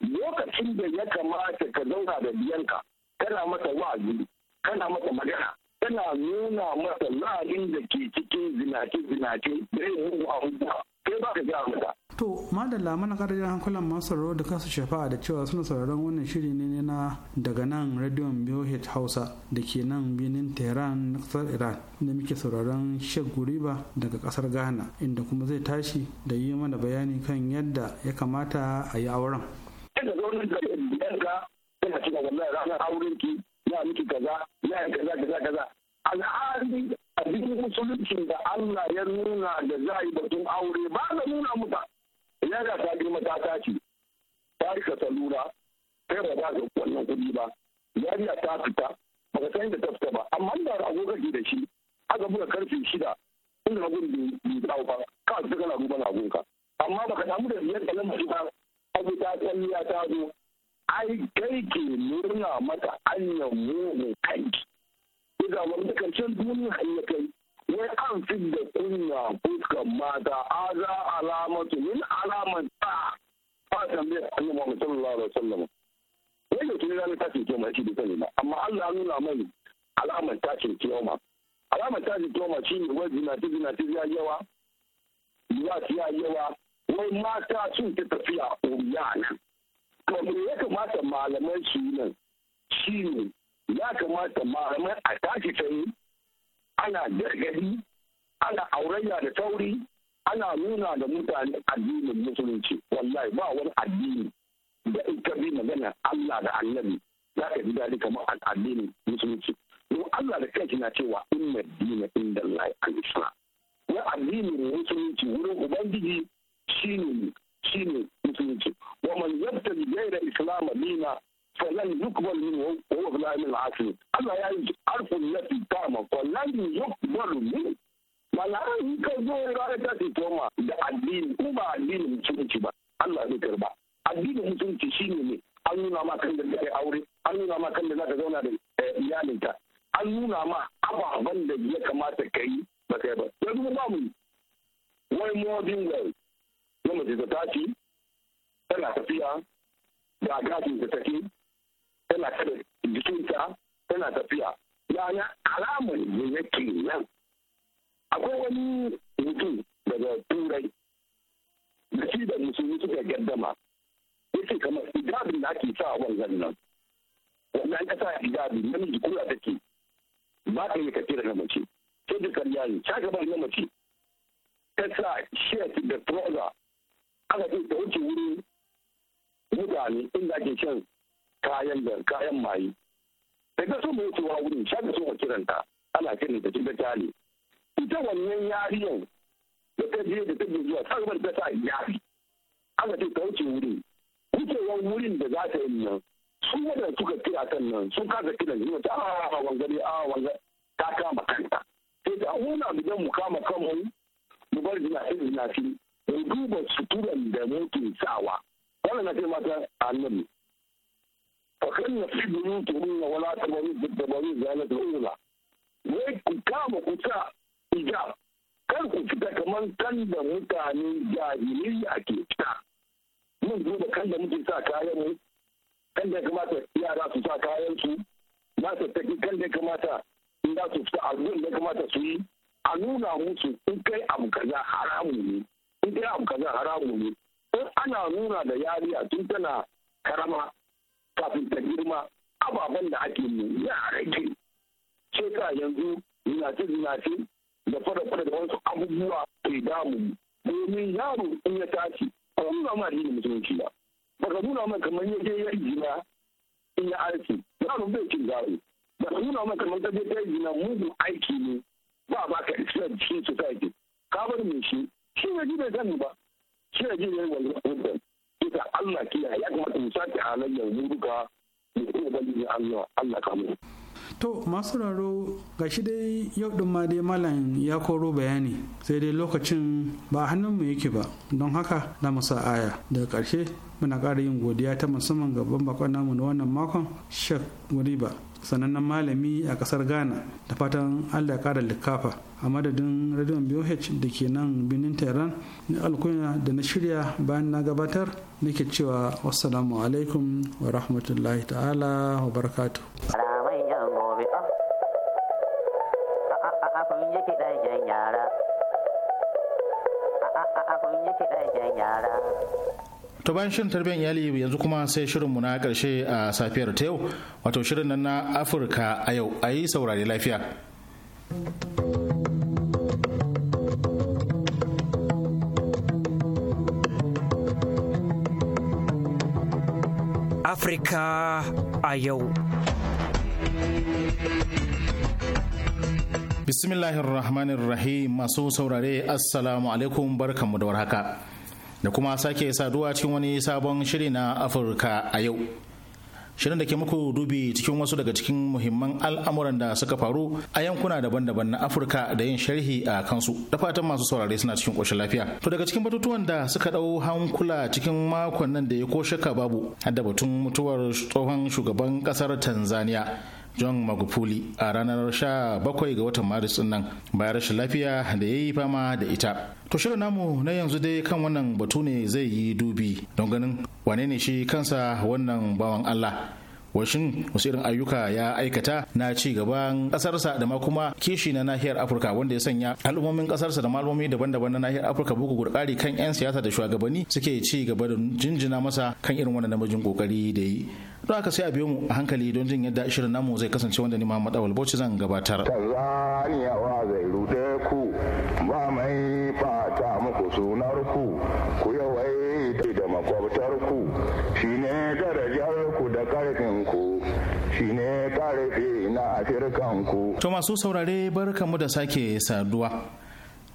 lokacin da ya kamata ka zauna da biyanka kana masa wa'azi kana masa magana kana nuna masa la'adin da ke cikin zinace-zinace da yin abubuwa sai ba ka gaya mata. To, madalla mana ƙarfin hankulan masu sauraro da kasu shafa'a da cewa suna sauraron wannan shiri ne na daga nan radiyon BOH Hausa da ke nan birnin Tehran na kasar Iran da muke sauraron Sheikh Guriba daga ƙasar Ghana inda kuma zai tashi da yi mana bayani kan yadda ya kamata a yi auren. Ina zaunin da yanka, ina cika wannan ranar aurenki, ya miki kaza, kaza kaza kaza. alhali a cikin musuluncin da Allah ya nuna da za yi batun aure ba da nuna muta ya da ta girma ta tashi ta rika salura kai ba za ka wannan kuɗi ba yariya ta fita ba ka san da ta fita ba amma da rago ke da shi aka buga karfe shida inda da bai dawo ba ka ta na ruban ka. amma baka damu da ziyarta kalan mutu ba abu ta tsalliya ta zo ai kai ke murna mata anyan mugun kanki zaman da karshen duniya ya kai wai an fi da kunya fuskan mata a za alamatu min alamar ta ba tambayar annabi Muhammad sallallahu alaihi wasallam wai da tuni ranar ta kiyama mai da sani ba amma Allah nuna mai ma alamar ta alaman tashin kiyama shine wai zina ta zina ta ya yawa ya ta yawa wai mata sun ta tafiya umyana oh, to me ya kamata malamai shi yi shi ne ya kamata malamai a tashi tsaye ana gargadi ana aurayya da tauri ana nuna da mutane addinin musulunci wallahi ba wani addini da in ka bi magana Allah da annabi za ka ji daɗi kamar addinin musulunci don Allah da kai na cewa inna dina inda Allah ya isra. wa addinin musulunci wurin ubangiji shine shine musulunci wa man yabtaji ghayra islam dina فلن يقبل منه وهو في العالم العاقل الله يعني عرف التي تعمل فلن يقبل منه malara in ka zo ranar ta ce toma da addini ko ba addinin musulunci ba Allah zai karba addinin musulunci ne ne ana nuna da yariya tun tana karama kafin ta girma ababen da ake yi ya rage ce ka yanzu zinace zinace da fada-fada da wasu abubuwa ke damu domin yaro in ya tashi ko nuna ma da musulunci ba ba ka nuna ma kamar yake ya jina in ya aiki yaro bai cin gado ba ka nuna ma kamar ta je ta jina mugun aiki ne ba ba ka isra su society ka bar mai shi shi ne ji bai ba shi ne jin yayin wannan ita Allah kiya ya kamata mu sake halar yanzu duka mu kuma bani Allah Allah kamu To masu raro ga shi dai yau ɗin ma dai malam ya koro bayani sai dai lokacin ba hannunmu yake ba don haka na sa aya daga ƙarshe muna ƙara yin godiya ta musamman gaban bakon namu na wannan makon shek guriba sanannen malami a kasar ghana da fatan allah kara likafa a madadin radio boh da ke nan birnin tehran na alkunya da na shirya bayan na gabatar nake cewa wassalamu alaikum wa rahmatullahi ta'ala wa barakatu yara To bayan shirin tarbiyyar iyali yanzu kuma sai shirinmu na karshe a safiyar ta yau wato shirin nan na Afirka a yau a yi saurari lafiya. Afirka a yau. Bismillahirrahmanirrahim masu saurare Assalamu alaikum barkanmu da warhaka. da kuma sake saduwa cikin wani sabon shiri na afirka a yau shirin da ke muku dubi cikin wasu daga cikin muhimman al'amuran da suka faru a yankuna daban-daban na afirka da yin sharhi a kansu da fatan masu saurare suna cikin ƙoshin lafiya to daga cikin batutuwan da suka ɗau hankula cikin makon nan da ya ko shaka babu hadda batun mutuwar tsohon shugaban ƙasar tanzania john magufuli a ranar sha bakwai ga watan maris nan bayan rashin lafiya da ya yi fama da ita to shirin namu na yanzu dai kan wannan batu ne zai yi dubi don ganin wane ne shi kansa wannan bawan allah washin wasu irin ayyuka ya aikata na ci gaban kasarsa da ma kuma kishi na nahiyar afirka wanda ya sanya al'ummomin kasarsa da al'ummomi daban-daban na nahiyar afirka bugu gurkari kan 'yan siyasa da shugabanni suke ci gaba da jinjina masa kan irin wannan namijin kokari da yi don haka sai a biyo mu a hankali don jin yadda shirin namu zai kasance wanda ni Muhammad Awal Bauchi zan gabatar Tanzania wa zai ku ba mai bata muku sunar ku ku yawai da makwabtar ku shine darajar ku da karfin ku shine karfi na afirkan ku to masu saurare barkamu da sake saduwa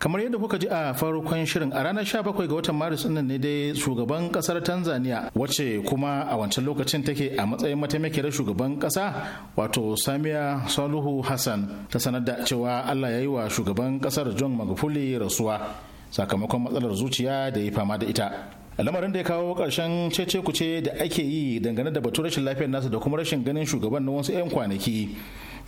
kamar yadda kuka ji a farkon shirin a ranar 17 ga watan maris nan ne dai shugaban kasar tanzania wacce kuma a wancan lokacin take a matsayin mataimakiyar shugaban kasa wato samiya saluhu hassan ta sanar da cewa allah ya yi wa shugaban kasar john magufuli rasuwa sakamakon matsalar zuciya da ya fama da ita lamarin da ya kawo ƙarshen cece kuce da ake yi dangane da batun rashin lafiyar nasa da kuma rashin ganin shugaban na wasu 'yan kwanaki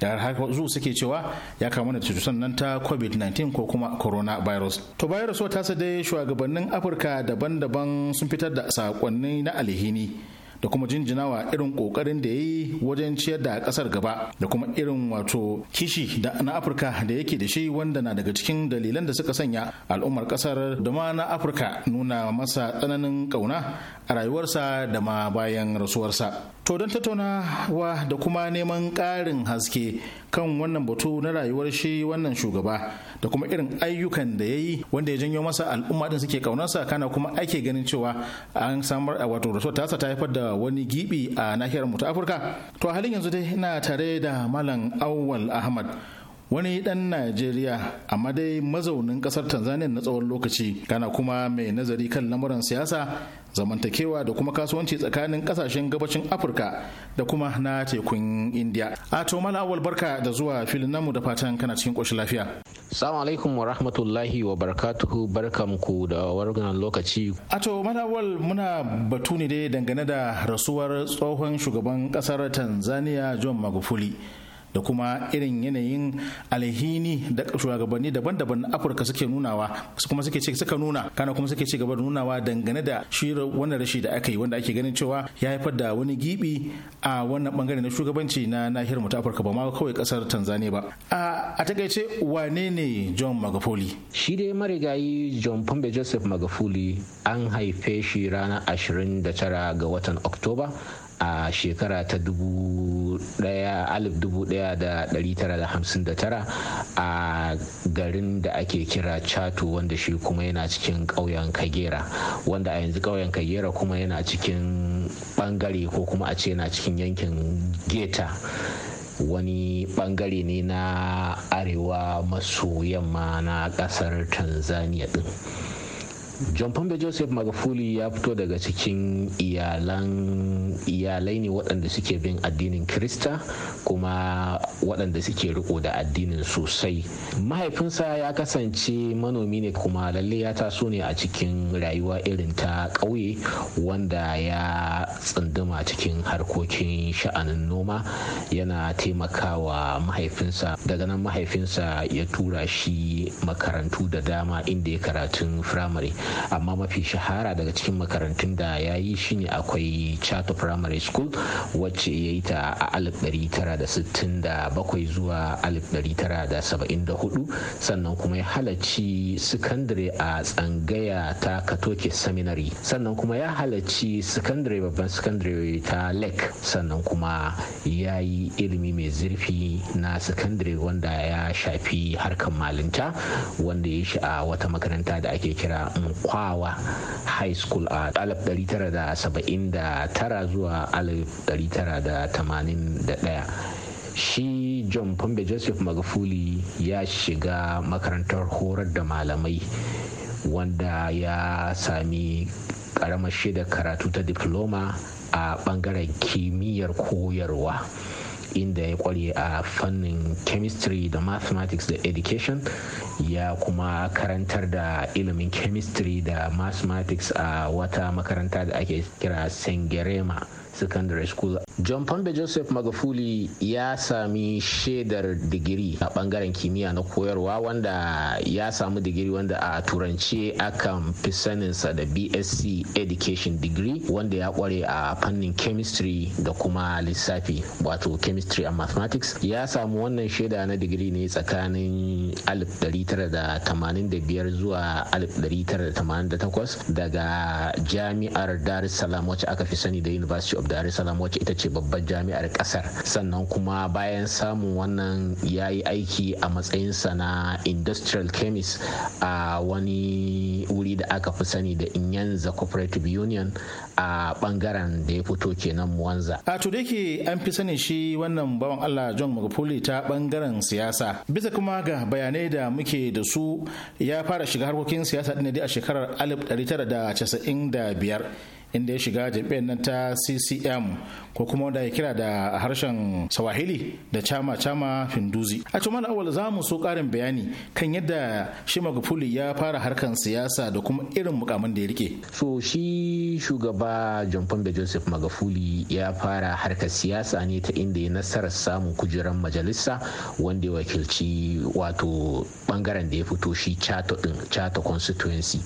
da har zu suke cewa ya kamu da cutar nan ta covid-19 ko kuma coronavirus to virus rasuwa tasa dai shugabannin afirka daban-daban sun fitar da sakonni na alhini da kuma jinjinawa irin kokarin da ya yi wajen ciyar da kasar gaba da kuma irin wato kishi na afirka da yake da shi wanda na daga cikin dalilan da suka sanya al'ummar kasar da ma na afirka nuna masa tsananin kauna a rayuwarsa da ma bayan rasuwarsa to don tattaunawa da kuma neman ƙarin haske kan wannan batu na rayuwar shi wannan shugaba da kuma irin ayyukan da ya yi wanda ya janyo masa al'umma din suke kaunarsa kana kuma ake ganin cewa an samar a wato rasuwar tasa ta haifar da wani gibi a nahiyar mu ta Afirka. To halin yanzu dai ina tare da Malam Awwal Ahmad wani dan najeriya amma dai mazaunin kasar tanzania na tsawon lokaci kana kuma mai nazari kan lamuran siyasa zamantakewa da kuma kasuwanci tsakanin kasashen gabashin afirka da kuma na tekun india a to awal barka da zuwa filin namu da fatan kana cikin koshin lafiya salamu alaikum wa rahmatullahi wa barakatuhu ku da wannan lokaci a to awal muna batu ne dai dangane da rasuwar tsohon shugaban kasar tanzania john magufuli da kuma irin yanayin alhini da shugabanni daban-daban na afirka suke nunawa kuma suke ce suka nuna kana kuma suke ci gaba da nunawa dangane da shi wannan rashi da aka yi wanda ake ganin cewa ya haifar da wani gibi a wannan bangare na shugabanci na nahiyar mu ta afirka ba ma kawai kasar tanzania ba a takaice wane ne john magafuli shi dai marigayi john pombe joseph magafuli an haife shi ranar 29 ga watan oktoba a shekara ta 1959 a garin da ake kira chato wanda shi kuma yana cikin ƙauyen kagera wanda a yanzu ƙauyen kagera kuma yana cikin ɓangare ko kuma a ce yana cikin yankin geta wani bangare ne na arewa maso yamma na ƙasar tanzania din john pombe joseph magufuli ya fito daga cikin iyalai ne waɗanda suke bin addinin krista kuma waɗanda suke riko da addinin sosai mahaifinsa ya kasance manomi ne kuma lalle ya taso ne a cikin rayuwa irin ta ƙauye wanda ya tsunduma cikin harkokin sha'anin noma yana taimakawa mahaifinsa daga nan mahaifinsa ya tura shi makarantu da dama inda ya karatun firamare amma mafi shahara daga cikin makarantun da ya yi shine akwai chato primary school wacce ya yi ta a 1967 zuwa 1974 sannan kuma ya halarci secondary a tsangaya ta katoke seminary sannan kuma ya halarci secondary babban secondary ta lake sannan kuma ya yi ilimi mai zurfi na secondary wanda ya shafi harkar malinta wanda ya shi a wata makaranta da ake kira kwawa high school a 1979 zuwa 1981 shi john pombe joseph magufuli ya shiga makarantar horar da malamai wanda ya sami karamar shaidar karatu ta diploma a bangaren kimiyyar koyarwa inda ya kware a fannin chemistry da mathematics da education ya kuma karantar da ilimin chemistry da mathematics a wata makaranta da ake kira sengerema secondary school john pombe joseph magafuli ya sami shaidar digiri a bangaren kimiyya na koyarwa wanda ya samu digiri wanda a turanci akan fi saninsa da bsc education degree wanda ya kware a fannin chemistry da kuma lissafi wato chemistry and mathematics ya samu wannan shaida na digiri ne tsakanin 1985 zuwa 1988 daga jami'ar dar es salaam wacce aka fi sani da university of dar es salaam wacce ita ce ce babbar jami'ar kasar sannan kuma bayan samun wannan ya yi aiki a matsayinsa na industrial chemist a wani wuri da aka fi sani da inyanza cooperative union a bangaren da ya fito kenan muwanza a to ke an fi sanin shi wannan bawan allah john magufuli ta bangaren siyasa bisa kuma ga bayanai da muke da su ya fara shiga harkokin siyasa din dai a shekarar 1995 inda ya shiga jam'iyyar nan ta ccm ko kuma wanda ya kira da harshen swahili da chama chama hinduzi. a cikin awal za mu so karin bayani kan yadda shi magufuli ya fara harkan siyasa da kuma irin mukamin da ya rike so shi shugaba john pombe joseph magufuli ya fara harkar siyasa ne ta inda ya nasarar samun kujerar majalisa wanda ya wakilci wato bangaren da ya fito shi chato din chato constituency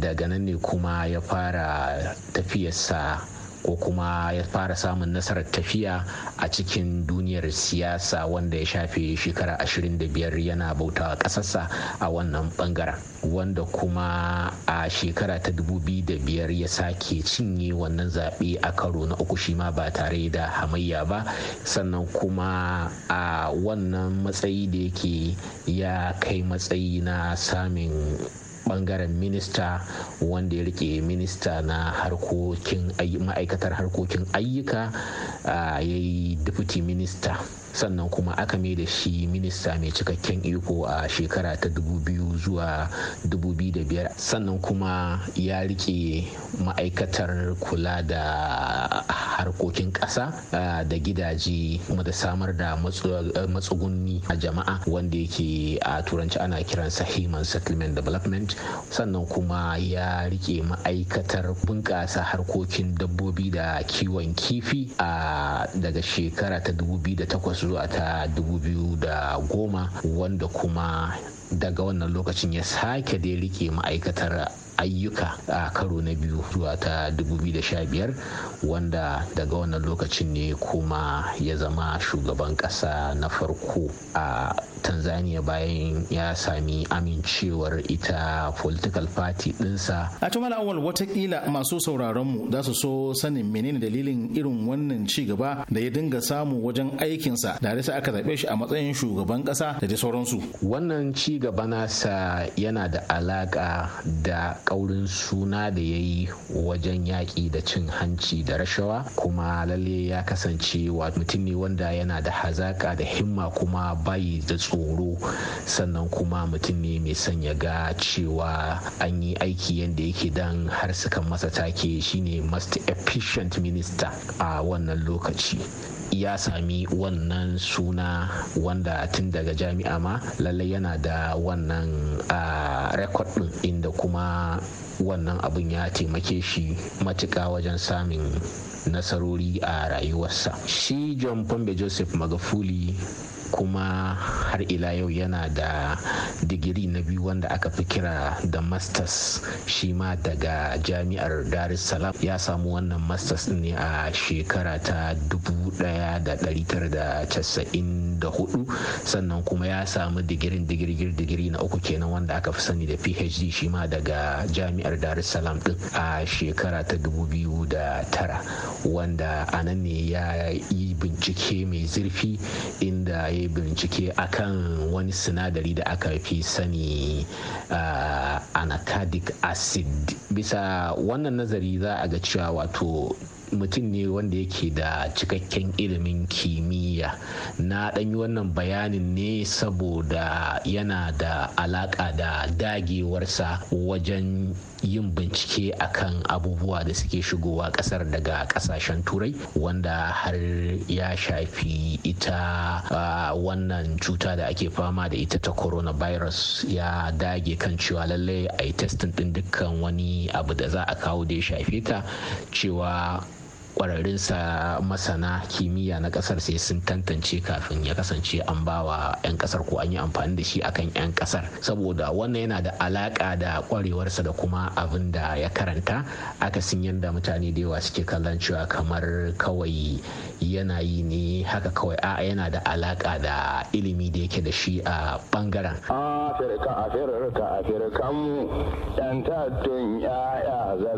daga nan ne kuma ya fara tafiya tafiyarsa ko kuma ya fara samun nasarar tafiya a cikin duniyar siyasa wanda ya shafe shekara 25 yana bauta a ƙasarsa a wannan bangaren wanda kuma a shekara ta 2005 ya sake cinye wannan zaɓe a karo na uku shima ba tare da hamayya ba sannan kuma a wannan matsayi da yake ya kai matsayi na samun bangaren minista wanda ya rike minista na harkokin ma'aikatar harkokin ayyuka ah, ya yi deputy minista sannan kuma aka mai da shi minista mai cikakken iko a shekara ta 2000 zuwa 2005 sannan kuma ya rike ma'aikatar kula da harkokin ƙasa da gidaje kuma da samar da matsugunni a jama'a wanda yake a turanci ana kiransa human settlement development sannan kuma ya rike ma'aikatar bunƙasa harkokin dabbobi da kiwon kifi daga shekara ta 2008 zuwa ta 2010 wanda kuma daga wannan lokacin ya sake da ya rike ma'aikatar ayyuka a karo na biyu zuwa ta 2015 wanda daga wannan lokacin ne kuma ya zama shugaban ƙasa na farko a tanzania bayan ya sami amincewar ita political party dinsa a tumala awal watakila masu sauraronmu za su so sanin menene dalilin irin wannan ci gaba da ya dinga samu wajen aikinsa da sai aka zaɓe shi a matsayin shugaban ƙasa da dai sauransu wannan ci gaba nasa yana da alaƙa da ƙaurin suna da ya yi wajen yaƙi da cin hanci da rashawa kuma lalle ya kasance wa mutum ne wanda yana da hazaƙa da himma kuma bayi da tsoro sannan kuma mutum ne mai son ya ga cewa an yi aiki yadda yake dan har suka masa take shine most efficient minister a wannan lokaci ya sami wannan suna wanda tun daga jami'a ma lallai yana da wannan rekod din inda kuma wannan abin ya taimake shi matuka wajen samun nasarori a rayuwarsa shi john pombe joseph magafuli kuma har ila yau yana da digiri na biyu wanda aka fi kira da masters shi ma daga jami'ar dar es salaam ya samu wannan masters ne a shekara ta 1994 sannan kuma ya samu digirin digirgir digiri na uku kenan wanda aka fi sani da phd shi ma daga jami'ar dar es salaam din a shekara ta 2009 wanda anan ne ya yi bincike mai zurfi inda yi bincike akan wani sinadari da aka fi sani uh, ah, anacardic acid bisa wannan nazari za a ga cewa wato mutum ne wanda yake da cikakken ilimin kimiyya na ɗanyi wannan bayanin ne saboda yana da alaƙa da dagewarsa wajen yin bincike akan abubuwa da suke shigowa ƙasar daga ƙasashen turai wanda har ya shafi ita uh, wannan cuta da ake fama da ita ta coronavirus ya dage kan cewa lallai a yi testin ɗin dukkan wani abu da za a kawo da ya shafe ta cewa sa masana kimiyya na ƙasar sai sun tantance kafin ya kasance an bawa 'yan ƙasar ko an yi amfani da shi akan 'yan kasar saboda wannan yana da alaƙa da kwarewarsa da kuma abin da ya karanta aka akasin yadda mutane da yawa suke kallon cewa kamar kawai yana yi ne haka kawai a yana da alaƙa da ilimi da yake da shi a bangaren afirka a yaya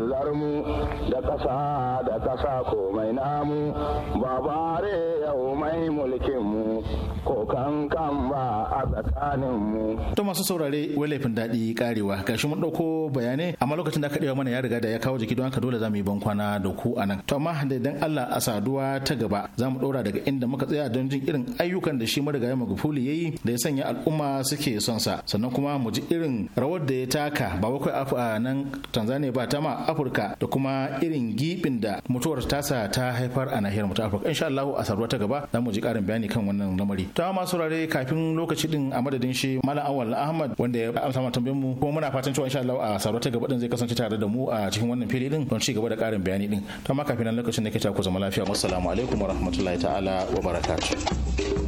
da kasa da kasa Ko mai namu babare yau mai mulkinmu ko kan ba a tsakaninmu. To masu saurare wai laifin daɗi karewa gashi mun ɗauko bayanai amma lokacin da aka ɗewa mana ya riga da ya kawo jiki don haka dole za mu yi bankwana da ku a nan. To amma da idan Allah a saduwa ta gaba za mu ɗora daga inda muka tsaya don jin irin ayyukan da shi marigayi Magufuli ya yi da ya sanya al'umma suke son sa sannan kuma mu ji irin rawar da ya taka ba bakwai a nan Tanzania ba ta ma Afirka da kuma irin gibin da mutuwar tasa ta haifar a nahiyar mu ta Afirka insha Allah a saruwa ta gaba za mu ji karin bayani kan wannan lamari ta masu saurare kafin lokaci din a madadin shi malam Awal Ahmad wanda ya amsa ma tambayar mu kuma muna fatan cewa insha Allah a saruwa ta gaba din zai kasance tare da mu a cikin wannan fili din don ci gaba da karin bayani din to amma kafin nan lokacin nake ta ku zama lafiya assalamu alaikum warahmatullahi ta'ala wa barakatuh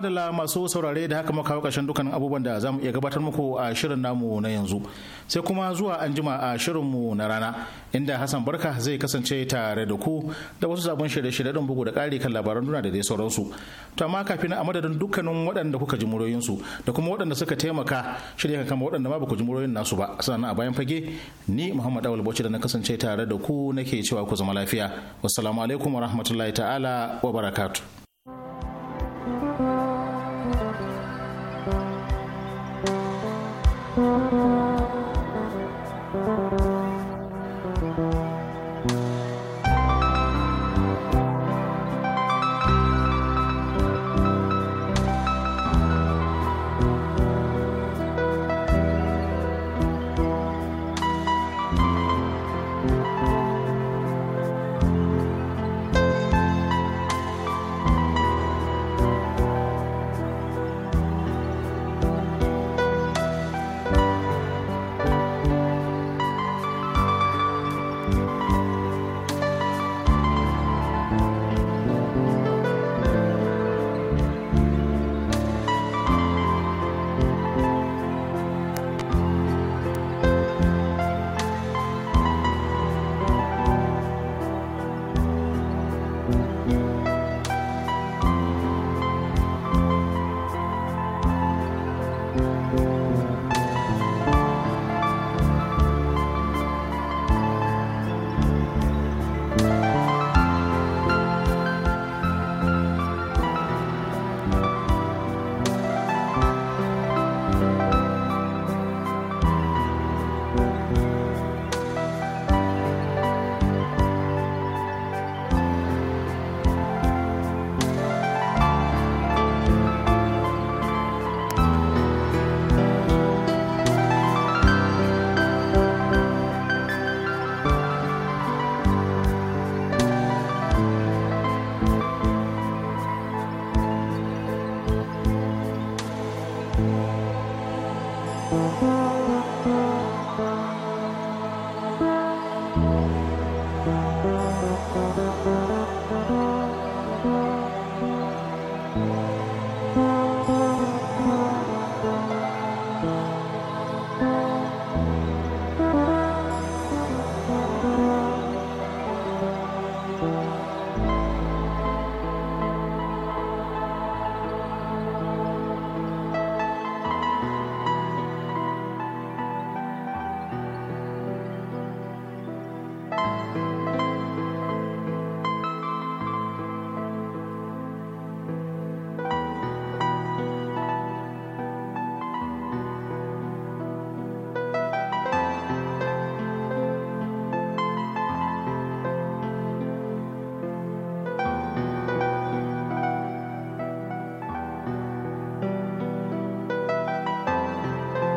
madalla masu saurare da haka muka kawo dukkanin abubuwan da zamu iya gabatar muku a shirin namu na yanzu sai kuma zuwa anjima jima a shirinmu na rana inda hassan barka zai kasance tare da ku da wasu sabon shirye-shirye don bugu da ƙari kan labaran duna da dai sauransu to amma kafin a madadin dukkanin waɗanda kuka ji muroyinsu da kuma waɗanda suka taimaka shirya kan kama waɗanda ma ba ku ji muroyin nasu ba sannan a bayan fage ni muhammad awal bauchi da na kasance tare da ku nake cewa ku zama lafiya wassalamu alaikum wa ta'ala wa barakatuh Thank you.